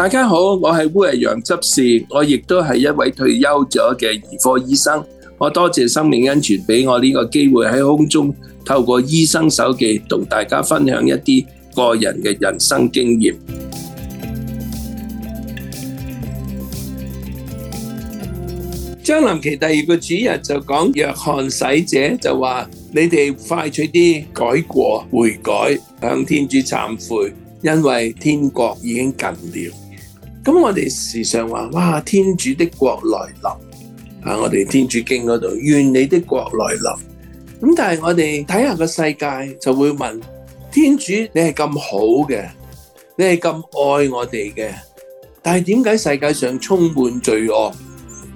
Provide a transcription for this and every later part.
大家好，我係烏日陽執事，我亦都係一位退休咗嘅兒科醫生。我多謝生命恩泉俾我呢個機會喺空中透過醫生手記同大家分享一啲個人嘅人生經驗。將臨期第二個主日就講約翰洗者就話：你哋快脆啲改過悔改，向天主懺悔，因為天國已經近了。咁我哋時常話：，哇！天主的國來臨，啊！我哋《天主經》嗰度，願你的國來臨。咁但係我哋睇下個世界，就會問：天主，你係咁好嘅，你係咁愛我哋嘅，但係點解世界上充滿罪惡，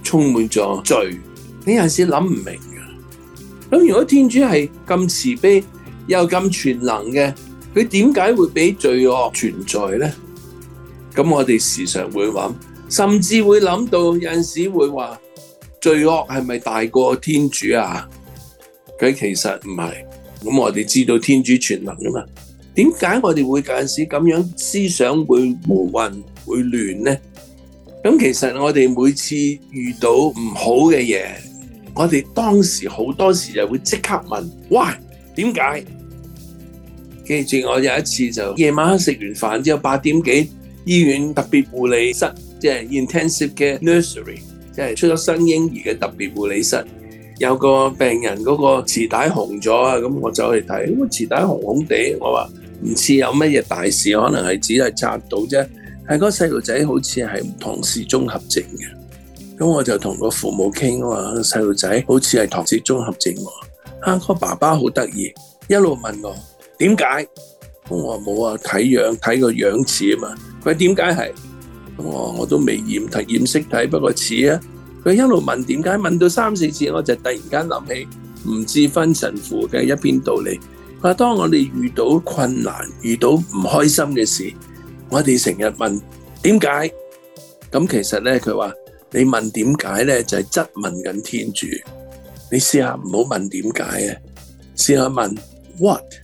充滿咗罪？你有陣時諗唔明嘅。咁如果天主係咁慈悲又咁全能嘅，佢點解會俾罪惡存在咧？咁我哋時常會諗，甚至會諗到，有陣時會話罪惡係咪大過天主啊？佢其實唔係，咁我哋知道天主全能噶嘛？點解我哋會有陣時咁樣思想會胡混、會亂呢？咁其實我哋每次遇到唔好嘅嘢，我哋當時好多時就會即刻問喂，點解？記住，我有一次就夜晚食完飯之後八點幾。醫院特別護理室，即係 intensive 嘅 nursery，即係出咗新嬰兒嘅特別護理室。有個病人嗰個臍帶紅咗啊，咁我走去睇，咁個臍帶紅紅地，我話唔似有乜嘢大事，可能係只係擦到啫。係嗰個細路仔好似係唐氏綜合症嘅，咁我就同個父母傾，話細路仔好似係唐氏綜合症喎。啊，個爸爸好得意，一路問我點解。為什麼？我話冇啊，睇樣睇個樣似啊嘛。佢點解係？我我都未驗睇染色體，不過似啊。佢一路問點解，問到三四次，我就突然間諗起唔知分神父嘅一篇道理。佢話：當我哋遇到困難，遇到唔開心嘅事，我哋成日問點解。咁其實咧，佢話你問點解咧，就係、是、質問緊天主。你試下唔好問點解啊，試下問 what。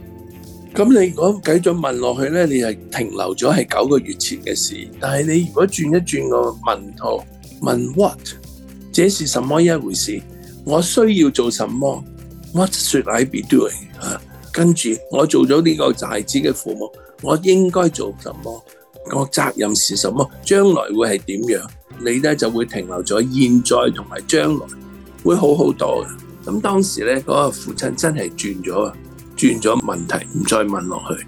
咁你如果繼續問落去咧，你係停留咗係九個月前嘅事。但係你如果轉一轉個問途，問 what 這是什麼一回事？我需要做什麼？What should I be doing？啊，跟住我做咗呢個孩子嘅父母，我應該做什麼？我責任是什麼？將來會係點樣？你咧就會停留咗現在同埋將來，會好好多嘅。咁當時咧，嗰個父親真係轉咗啊！轉咗問題，唔再問落去。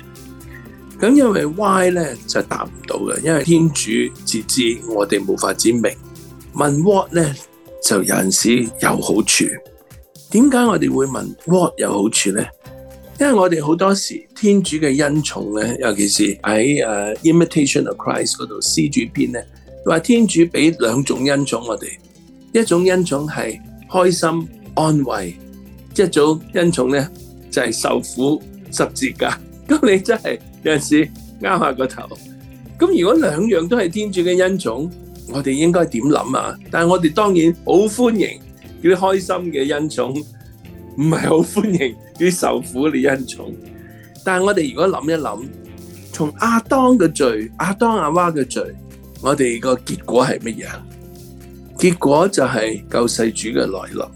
咁因為 why 咧就答唔到嘅，因為天主自知我哋無法知明。問 what 咧就有陣時有好處。點解我哋會問 what 有好處咧？因為我哋好多時天主嘅恩寵咧，尤其是喺誒 Imitation of Christ 嗰度師主篇咧，話天主俾兩種恩寵我哋，一種恩寵係開心安慰，一種恩寵咧。就係受苦十字架，咁 你真係有陣時啱下個頭。咁如果兩樣都係天主嘅恩寵，我哋應該點諗啊？但係我哋當然好歡迎啲開心嘅恩寵，唔係好歡迎啲受苦嘅恩寵。但係我哋如果諗一諗，從阿當嘅罪、阿當阿娃嘅罪，我哋個結果係乜嘢？結果就係救世主嘅來臨。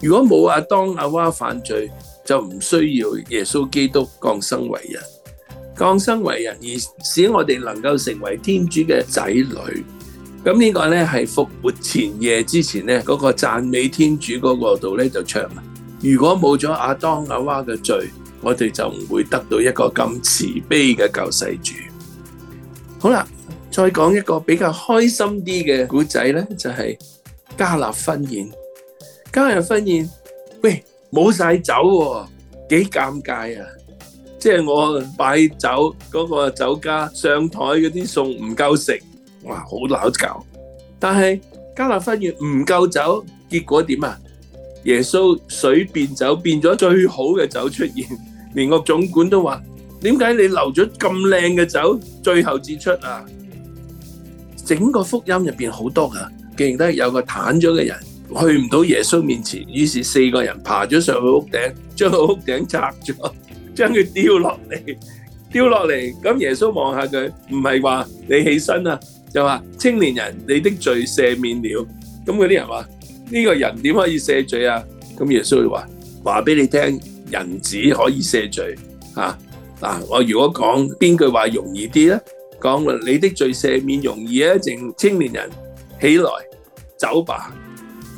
如果冇阿當阿娃犯罪，就唔需要耶穌基督降生為人，降生為人而使我哋能夠成為天主嘅仔女。咁呢個呢，係復活前夜之前呢嗰、嗰個讚美天主嗰個度呢，就唱。如果冇咗亞當阿娃嘅罪，我哋就唔會得到一個咁慈悲嘅救世主。好啦，再講一個比較開心啲嘅古仔呢，就係、係、加納婚宴。加納婚宴，喂！冇曬酒，幾尷尬啊！即係我擺酒嗰個酒家上台嗰啲餸唔夠食，哇，好攪搞！但係加納婚宴唔夠酒，結果點啊？耶穌水變酒，變咗最好嘅酒出現，連個總管都話：點解你留咗咁靚嘅酒，最後至出啊？整個福音入邊好多噶，記唔得有個癱咗嘅人。去唔到耶穌面前，於是四個人爬咗上去屋頂，將個屋頂拆咗，將佢丟落嚟，丟落嚟。咁耶穌望下佢，唔係話你起身啊，就話青年人，你的罪赦免了。咁嗰啲人話：呢、這個人點可以赦罪啊？咁耶穌就話：話俾你聽，人子可以赦罪。嚇、啊、嗱，我如果講邊句話容易啲咧，講話你的罪赦免容易咧，正、啊、青年人起來走吧。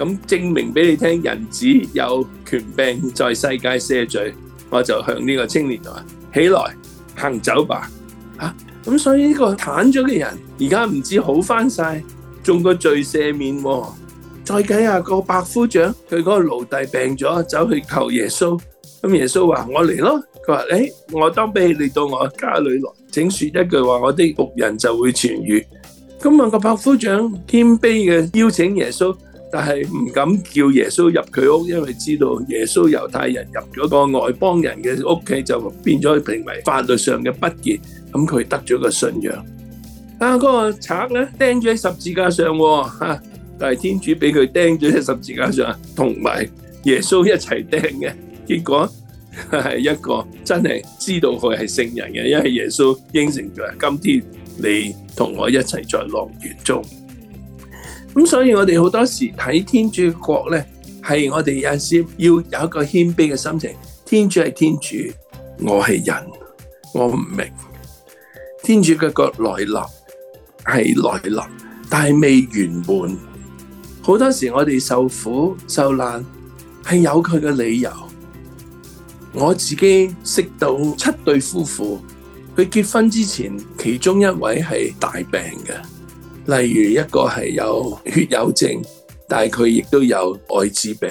咁證明俾你聽，人子有權柄在世界赦罪，我就向呢個青年話：起來行走吧。吓咁，所以呢個癱咗嘅人而家唔知好翻晒，中個罪赦免。再計下個百夫長，佢嗰個奴隸病咗，走去求耶穌，咁耶穌話：我嚟咯。佢話：誒，我當卑，你到我家裏來，請說一句話，我啲僕人就會痊愈。咁問個百夫長謙卑嘅邀請耶穌。但係唔敢叫耶穌入佢屋，因為知道耶穌猶太人入咗個外邦人嘅屋企就變咗成為法律上嘅不潔。咁佢得咗個信仰。但係嗰個賊咧釘住喺十字架上吓，但係天主俾佢釘住喺十字架上，同埋耶穌一齊釘嘅，結果係一個真係知道佢係聖人嘅，因為耶穌應承咗：今天你同我一齊在樂園中。咁所以，我哋好多時睇天主嘅國咧，係我哋有時要有一個謙卑嘅心情。天主係天主，我係人，我唔明。天主嘅國來臨係來臨，但係未圓滿。好多時我哋受苦受難係有佢嘅理由。我自己識到七對夫婦，佢結婚之前，其中一位係大病嘅。例如一個係有血友症，但係佢亦都有愛滋病，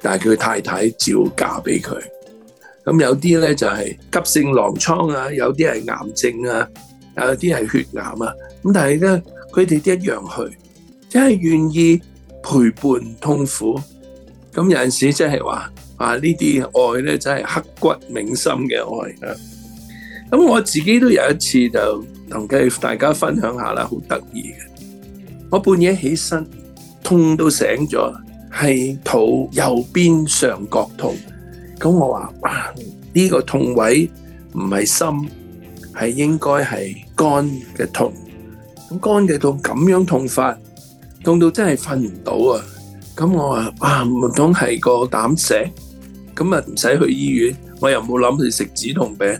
但係佢太太照嫁俾佢。咁有啲咧就係急性狼瘡啊，有啲係癌症啊，有啲係血癌啊。咁但係咧，佢哋都一樣去，即係願意陪伴痛苦。咁有陣時即係話啊，呢啲愛咧真係刻骨銘心嘅愛啊。咁我自己都有一次就。同大家分享下啦，好得意嘅。我半夜起身痛到醒咗，係肚右邊上角痛。咁我話：，哇，呢個痛位唔係心，係應該係肝嘅痛。咁肝嘅痛咁樣痛法，痛到真係瞓唔到啊！咁我話：，哇，唔通係個膽石？咁啊，唔使去醫院，我又冇諗住食止痛餅。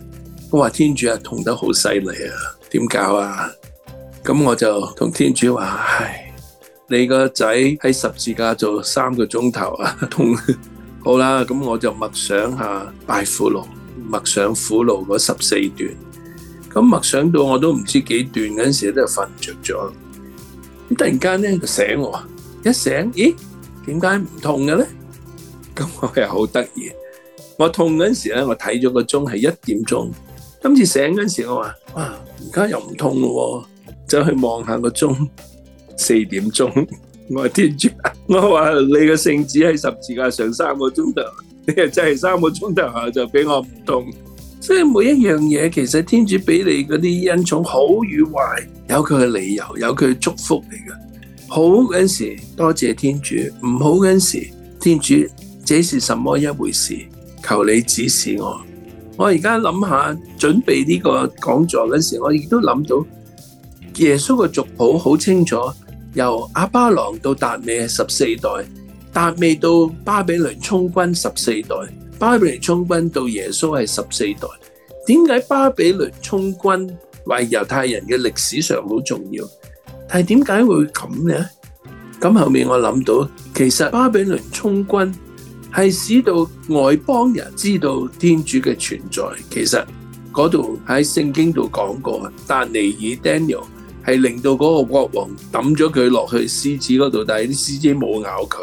我話天主啊，痛得好犀利啊！點搞啊？咁我就同天主話：，唉，你個仔喺十字架做三個鐘頭啊，痛好啦。咁我就默想下拜苦路，默想苦路嗰十四段。咁默想到我都唔知幾段，嗰陣時都係瞓着咗。咁突然間咧就醒我，一醒，咦，點解唔痛嘅咧？咁我又好得意。我痛嗰陣時咧，我睇咗個鐘係一點鐘。今次醒嗰時我，我話：，啊，而家又唔痛咯，走去望下個鐘，四點鐘。我話天主，我話你個聖子喺十字架上三個鐘頭，你係真係三個鐘頭下就俾我唔痛。所以每一樣嘢，其實天主畀你嗰啲恩寵，好與壞，有佢嘅理由，有佢嘅祝福嚟嘅。好嗰時，多謝天主；唔好嗰時，天主，這是什麼一回事？求你指示我。我而家諗下準備呢個講座嗰時，我亦都諗到耶穌嘅族譜好清楚，由亞巴郎到達味係十四代，達味到巴比倫充軍十四代，巴比倫充軍到耶穌係十四代。點解巴比倫充軍為猶太人嘅歷史上好重要？但係點解會咁呢？咁後面我諗到，其實巴比倫充軍。係使到外邦人知道天主嘅存在。其實嗰度喺聖經度講過，達尼爾 Daniel 係令到嗰個國王抌咗佢落去獅子嗰度，但係啲獅子冇咬佢，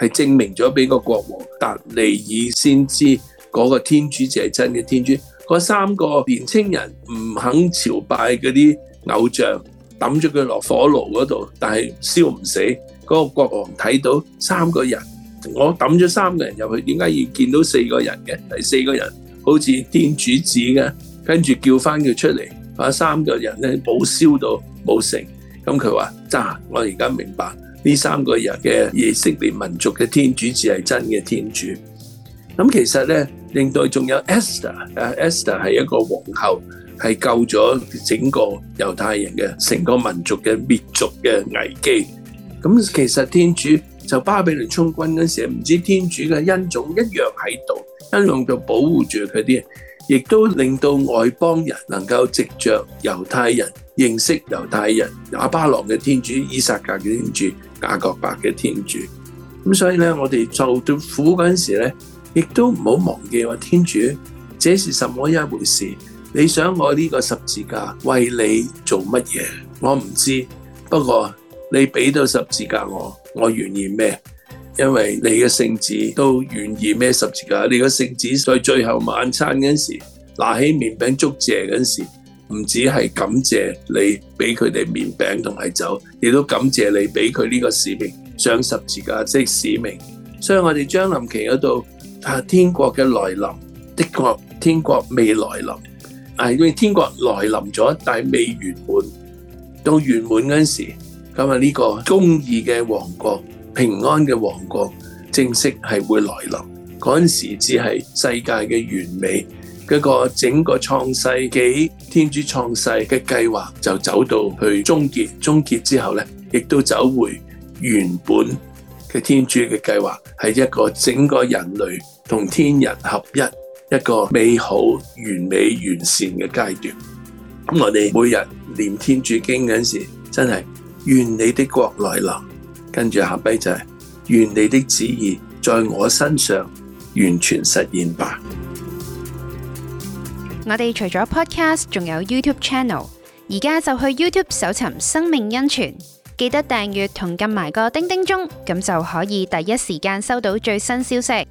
係證明咗俾個國王達尼爾先知嗰個天主就係真嘅天主。嗰三個年青人唔肯朝拜嗰啲偶像，抌咗佢落火爐嗰度，但係燒唔死。嗰個國王睇到三個人。我抌咗三個人入去，點解要見到四個人嘅？第四個人好似天主子嘅，跟住叫翻佢出嚟，把三個人咧冇燒到冇成。咁佢話：咋，我而家明白呢三個人嘅以色列民族嘅天主子係真嘅天主。咁其實咧，另外仲有 Esther，誒 Esther 係一個皇后，係救咗整個猶太人嘅成個民族嘅滅族嘅危機。咁其實天主。就巴比倫充軍嗰時，唔知天主嘅恩寵一樣喺度，恩寵就保護住佢啲，亦都令到外邦人能夠藉着猶太人認識猶太人。亞巴郎嘅天主、以撒格嘅天主、雅各伯嘅天主。咁所以呢，我哋做到苦嗰陣時咧，亦都唔好忘記話天主，這是什麼一回事？你想我呢個十字架為你做乜嘢？我唔知道，不過。你俾到十字架我，我願意咩？因為你嘅聖子都願意咩十字架。你嘅聖子在最後晚餐嗰時，拿起麵餅祝謝嗰時，唔止係感謝你俾佢哋麵餅同埋酒，亦都感謝你俾佢呢個使命上十字架，即係使命。所以我哋將臨期嗰度啊，天國嘅來臨的確天國未來臨，因、啊、為天國來臨咗，但係未完滿。到完滿嗰陣時。咁啊！呢個公義嘅王國，平安嘅王國，正式係會來臨嗰陣時，只係世界嘅完美，一、那個整個創世紀天主創世嘅計劃就走到去終結。終結之後呢，亦都走回原本嘅天主嘅計劃，係一個整個人類同天人合一一個美好、完美、完善嘅階段。咁我哋每日念天主經嗰陣時，真係～願你的國來臨，跟住下低就係願你的旨意在我身上完全實現吧。我哋除咗 podcast，仲有 YouTube channel，而家就去 YouTube 搜尋生命恩泉，記得訂閱同撳埋個叮叮鐘，咁就可以第一時間收到最新消息。